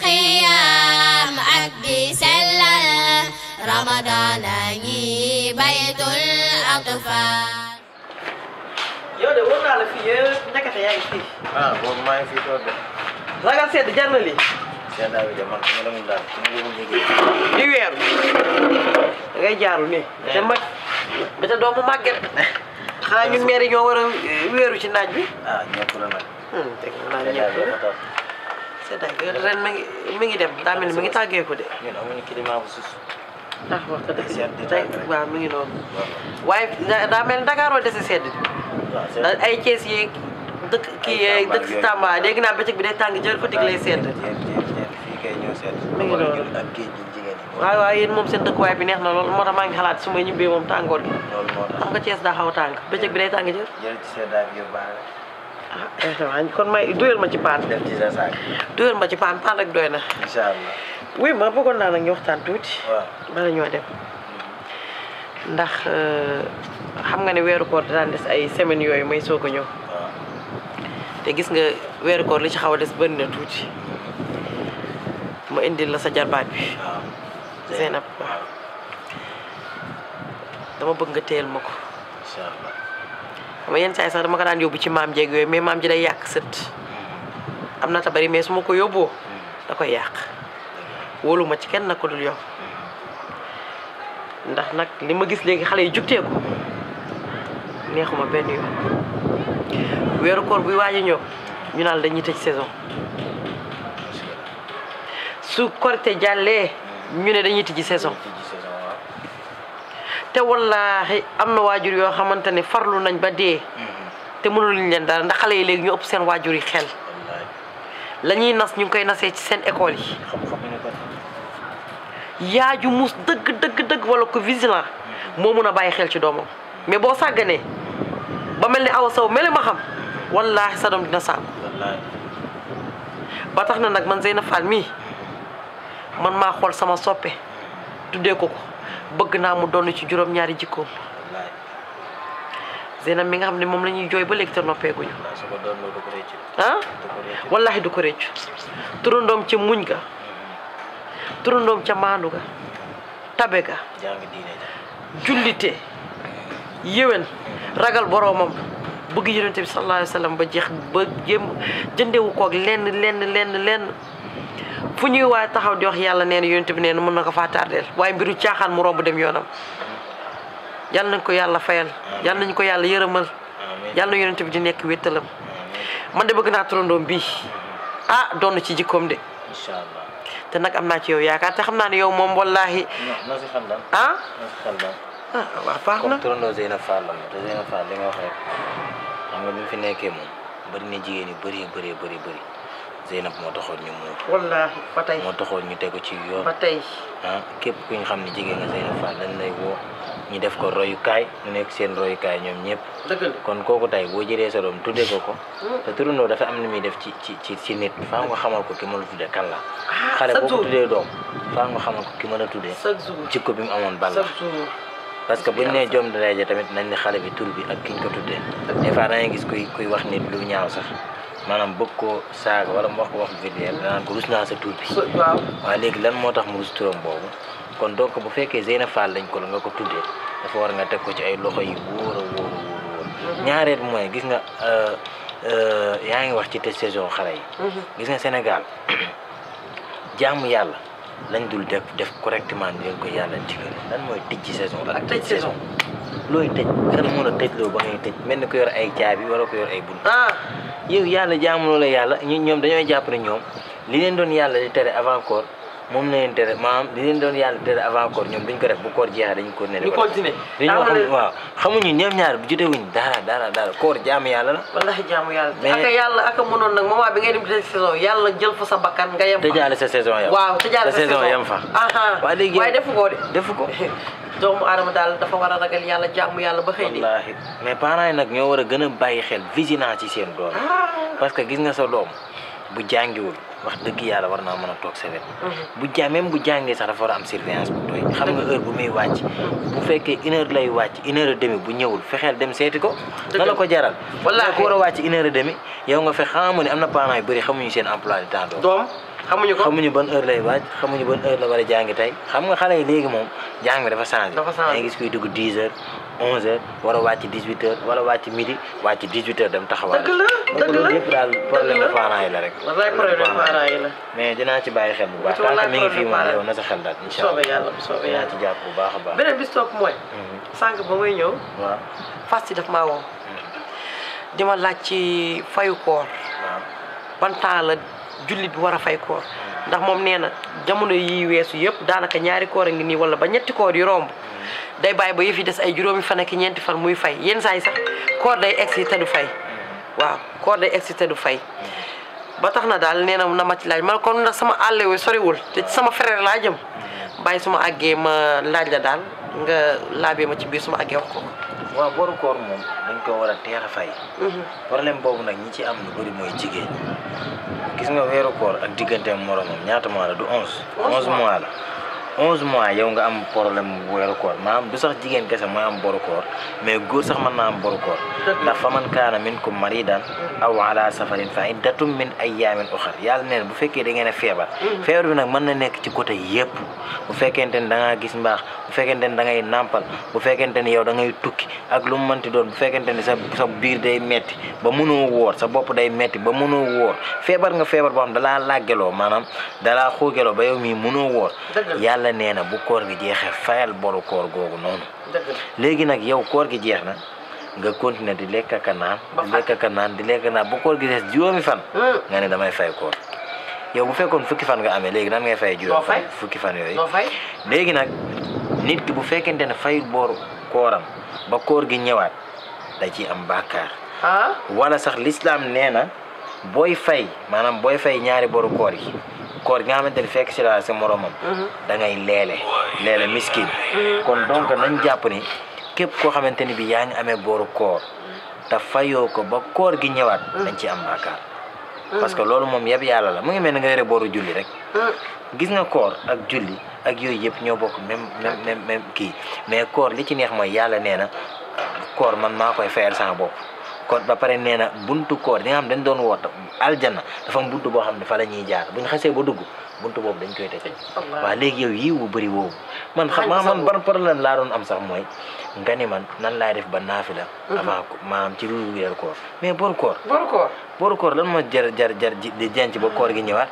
xiyaam ak sellal Ramadan a ngi baytul atfal. yow sedd jar bi weeru. da ngay jaaru nii. weeru ci naaj bi. ah seddaay bi ren mi ngi mi ngi dem daa mi ngi tàggeeku de. ñun amuñu climat bu sus. Ah, mi ngi noonu. waaye daa mel ni Dakar wala dese sedd. ay cees yeeg dëkk kii yeeg dëkk si Tamba dégg naa bëccëg bi day tàng jël Fatick lay sedd. mi ngi noonu waaw waaw yéen moom seen dëkkuwaay bi neex na lool moo tax maa ngi xalaat su ma ñibbee moom tàngoor gi. xam nga cees daa xaw a tàng bëccëg bi day tàng jël. ah kon may doyal ma ci paan. def ci ma ci paan paan rek doy na. incha allah. ma bëggoon naa nag ñu waxtaan tuuti. waaw bala ñoo dem. ndax euh, xam nga ne weeru koor ay semaines yooyu may soog a ñëw. te gis nga weeru koor li ci xaw a des bëri tuuti. ma indil la sa jarbaat bi. waaw Zeynab waaw. dama bëgg nga téyel ma ko. xam yenn saa yi sax dama ko daan yóbbu ci maam jeeg yooyu mais maam ji day yàq sët am na ta bari mais su ma ko yóbboo da koy yàq wóoluma ci kenn nag dul yow ndax nag li ma gis léegi xale yi jugteeku neexuma benn yoon weeru koor bi waaj a ñëw ñu naan dañuy tëj saison su korite jàllee ñu ne dañuy tijji saison te wallaahi am na waajur yoo xamante ne farlu nañ ba dee. te mënuluñ leen dara ndax xale yi léegi ñu ëpp seen waajur yi xel. lañuy nas ñu ngi koy nasee ci seen école yi. yaa ju mus dëgg dëgg dëgg wala ko vigilant hmm. moo mën a bàyyi xel ci doomam mais boo sàgganee ba mel ni aw saw mele ma xam wallaahi sa doom dina sànku ba tax na nag man seen a Fall mii hmm. man maa xool sama soppe tuddee ko ko bëgg naa mu donn ci juróom-ñaari jikkoom Zeynab mi nga xam ne moom lañuy jooy ba léegi te noppeeguñu ah wallaahi du ko réccu turandoom ca muñ ga turandoom ca maandu ga tabe ga jullite yéwén ragal boroomam bëgg yonente bi sallallahu alayhi wa sallam ba jeex ba jéem jëndewu koog lenn lenn lenn fu ñuy waaye taxaw di wax yàlla nee na yonent bi nee na mën na ko faa tardeel waaye mbiru caaxaan mu romb dem yoonam yal nañ ko yàlla fayal yal nañ ko yàlla yërëmal yal na yonent bi di nekk wéttalam man de bëgg naa trondoom bii ah doon ci jikkoom de te nag am naa ci yow yaakaar te xam naa ne yow moom wallaahi ah ah waaw baax na turandoo Zeyna Fall mu fi nekkee moom bari na jigéen yu Zeynab moo taxoon ñu muur. wallaahi ba moo taxoon ñu tegu ci yoon. tey ah képp ku ñu xam ne jigéen nga Zeynab Fall dañ lay woo ñu def ko royukaay ñu nekk seen royukaay ñoom ñëpp. kon kooku tey boo jëree sa doom tuddee ko ko. Hmm. te turandoo dafa am na muy def ci ci ci ci nit. faa nga xamal ko ki mën a tuddee kan la. Ah, xale boo ko tuddee doom faa nga xamal ki mën a tuddee. jikko bi mu amoon bal parce que buñ nee jom dalay ja tamit nañ ne xale bi tur bi ak kiñ ko tuddee. des fois da ngay gis kuy kuy wax nit lu ñaaw sax maanaam bëgg ko saaga wala mu wax wax virtuel sa tur bi waaw waaye léegi lan moo tax mu rus turam kon donc bu fekkee Zeyna Fall lañ ko la nga ko tuddee dafa war nga teg ko ci ay loxo yu wóor a wóor a mhm. mooy gis nga euh, euh, yaa ngi wax ci te saison xale yi mhm. gis nga Sénégal jaamu yàlla lañ dul def def correctement ni leen ko yàlla digal lan mooy tijji saison ak tëj saison looy tëj kan mën a tëj loo ba ngay tëj mel ni ko yor ay caabi wala ko yor ay bunt ah yow yàlla jaamuloo la yàlla ñu ñoom dañoo jàpp ne ñoom li leen doon yàlla di tere avant koor moom la leen tere maanaam li leen doon yàlla tere avant koor ñoom duñ ko def bu koor jeexee dañu ko ne ñu continuer dañoo xam waaw xamuñu ñaar bu jotewuñ dara dara dara koor jaamu yàlla la wallahi jaamu yàlla aka yàlla aka mënoon nag moment bi ngay dem di tëj saison yàlla jël fa sa bakkan nga yem fa tëjaale sa saison yow waaw tëjaale sa saison yem fa ah, ah. waaw léegi waaye defu ko de defu ko doomu aadama daal dafa war a ragal yàlla jàmm yàlla ba xëy na. wallaahi mais parents yi nag ñoo war a gën a bàyyi xel vigilant ci seen doom. Ah. parce que gis nga sa doom bu jàngiwul wax dëgg yàlla war naa mën a toog sa wet mhm. bu ja sax dafa war a am surveillance bu doy. xam nga heure bu muy wàcc. bu fekkee une lay wàcc une heure et bu ñëwul fexeel dem seeti ko. na la ko jaral. wallaahi ku war a wàcc une heure et demie yow nga fexe xamu ne am na parents yu bëri xamuñu seen emploi du temps xamuñu ko xamuñu ban heure lay wàcc xamuñu ban heure la war a jàngi tey xam nga xale yi léegi moom jàng bi dafa changé. dafa changé ngay gis kuy dugg 10 heures 11 heures war a wàcc 18 heures war a wàcc midi wàcc 18 heures dem taxawaale. la dëgg la loolu yëpp yi la rek. wallaay problème mais dinaa ci bàyyi xel bu baax. parce que mi ngi fii na sa xel daal incha allah soobee yàlla soobee yàlla dinaa ci jàpp bu baax a baax. beneen bis toog mooy. Mhm. sànq ba mhm. di ma laaj ci fayu koor. waaw jullit bi war a fay koor ndax moom nee na jamono yi weesu yëpp daanaka ñaari koor a ngi nii wala ba ñetti koor yu romb day bàyyi ba yëf des ay juróomi fan ak ñeenti fan muy fay yenn saay yi sax koor day egsi te du fay waaw koor day egsi te du fay ba tax na daal nee na na ma ci laaj man kon ndax sama àll soriwul te sama frère laajam jëm bàyyi suma àggee ma laaj la daal nga laabee ma ci biir suma àggee wax ko waaw boru koor moom dañ ko war a teex a fay. Mhm. problème boobu nag ñi ci am lu bëri mooy jigéen gis nga weeru koor ak digganteem moromam ñaata mois la du onze. onze mois la. 11 mois yow nga am problème bu weeru koor maanaam du sax jigéen kese mooy am boru koor mais góor sax man naa am boru koor ndax fa man kaana minkum daan aw ala safarin fa iddatum min ayyamin ukhar yàlla neen bu fekkee da ngeen a feebar feebar bi nag man na nekk ci côté yëpp bu fekkente ni da gis mbaax bu fekkente ni da ngay nàmpal bu fekkente ni yow da ngay tukki ak lu mu ti doon bu fekkente ni sa sa biir day metti ba mënoo woor sa bopp day metti ba mënoo woor feebar nga feebar boo xam dalaa làggeloo maanaam dalaa xuugeloo ba yow mii mënoo woor yàlla nee na bu koor gi jeexee fayal boru koor googu noonu. léegi nag yow koor gi jeex na nga continuer di lekk ak a naan. di lekk ak di lekk naan bu koor gi des juróomi fan. Hmm. nga ne damay fay koor. yow bu fekkoon fukki fan nga amee léegi nan ngay fay juróomi fan fukki fan yooyu. léegi nag nit ki bu fekkente ne fay boru kooram ba koor gi ñëwaat da ciy am bàkkaar. Ah? wala sax lislaam nee na booy fay maanaam booy fay ñaari boru koor yi. koor gi nga xamante ni fekk si laa sa moromam. Mhm. da ngay leele leele miskin. Mhm. kon donc nañ jàpp ni képp koo xamante ni bi yaa ngi amee booru koor. te fayoo ko ba koor gi ñëwaat. dañ mhm. ci am baakaar. parce que loolu moom yëpp yàlla la mu ngi mel ni nga yore booru julli rek. gis nga koor ak julli ak yooyu yëpp ñoo bokk même même kii mais koor li ci neex mooy yàlla nee na koor man maa koy fayal sama bopp. kon ba pare nee na buntu koor yi nga xam dañ doon woota aljanna dafa am buntu boo xam ne fa la ñuy jaar buñ xasee ba dugg buntu boobu dañ koy tëj waaw léegi yow yiw bu bëri woowu man xam man ban problème laa doon am sax mooy nga ni man nan laay def ba naafi la mhm. avant maanaam ci ruu wéeru koor mais boru koor boru koor boru koor lan moo jar jar jar di jenc ba koor gi ñëwaat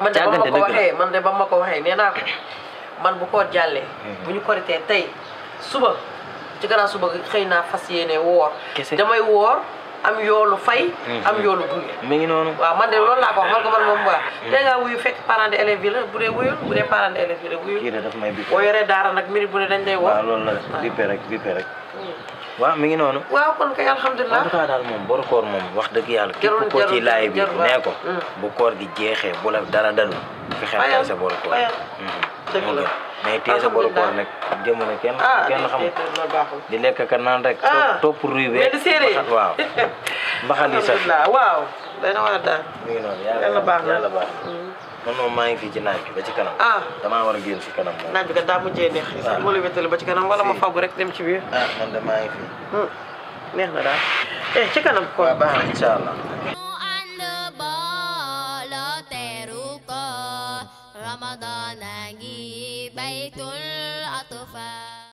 man de ba ma ko waxee man de ba ma ko waxee nee naa ko man bu koor jàllee mhm. bu ñu koritee tey suba ci gannaaw suba xëy naa fas yéene woor. damay woor am yoolu fay. Mhm. am yoolu gunge. mi ngi noonu waaw man de loolu laa ko wax man ko man moom waa. Mhm. tey la bu dee wuyul bu dee parents d'élèves nag minute bu ne dañ lay woor. waaw loolu la bippe rek bippe hmm. mi ngi noonu. waaw kon kay alhamdulilah en moom wax dëgg yàlla. jarul jarul képp ko ci laay bi nee ko. Hmm. bu koor gi jeexee bu la dara dalul. fi xel sa mais téye sa boru koor nag jamono kenn ah, kenn xam di lekk ka naan rek ah, topp ruy bee waaw mbaxal yi sax waaw dana war a daal mu ngi noonu yàlla baax na yàlla baax mm. moom maa ngi fii ci naaj bi ba ci kanam ah damaa war a génn si kanam naaj bi kat daa mujjee neex ah. sax moo la ba ci kanam wala ma faggu rek dem ci biir ah man mm. neex na daal eh ci kanam quoi baax na incha